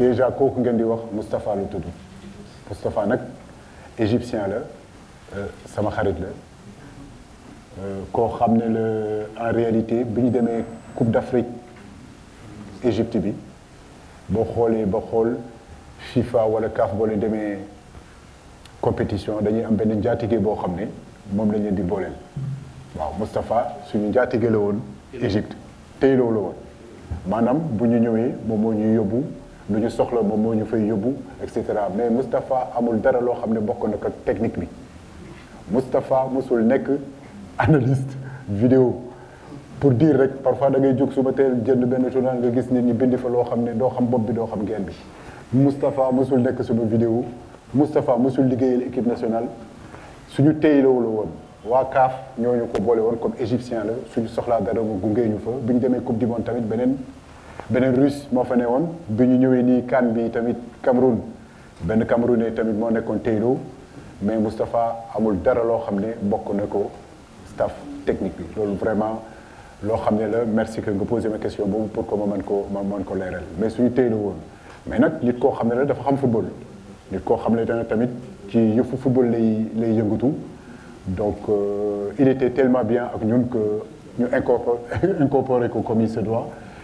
déjà kooku ngeen di wax mustapha lu tudd mustapha nag égyptien la euh, sama xarit la euh, koo xam ne la en réalité bi ñu demee Coupe d'Afrique Égypte bi boo xoolee ba xool FIFA wala CAF boo leen demee compétition dañuy am benn njaatige boo xam ne moom lañ leen di booleel waaw mustapha suñu njaatige la woon Égypte tey loolu la woon maanaam bu ñu ñëwee moom moo ñuy yóbbu lu soxla moom moo ñu fay yóbbu et cetera mais Moustapha amul dara loo xam ne bokk na ko technique bi Moustapha mosul nekk analyste vidéo pour dire rek parfois da ngay jóg suba teel jënd benn journal nga gis nit ñi bind fa loo xam ne doo xam bopp bi doo xam geen bi Moustapha mosul nekk suñu vidéo Moustapha musul liggéeyal équipe nationale suñu téyilawul woon waa CAF ñooñu ko boole woon comme égyptien la suñu soxlaa dara mu gungee ñu fa bi ñu demee coupe du monde tamit beneen ben russe moo fa ne bi ñu ñëwee nii kan bi tamit Cameroun benn Camerounais tamit moo nekkoon Teilo mais Moustapha amul dara loo xam ne bokk na ko staff technique bi loolu vraiment loo xam ne la merci que nga posé ma question boobu pour que ma mën ko ma mën ko leeral mais suñu Teilo woon mais nag nit koo xam ne la dafa xam football nit koo xam ne dana tamit ci yëfu football lay lay yëngatu donc euh, il était tellement bien ak ñun que ñu incorporé incorporé ko comme il se doit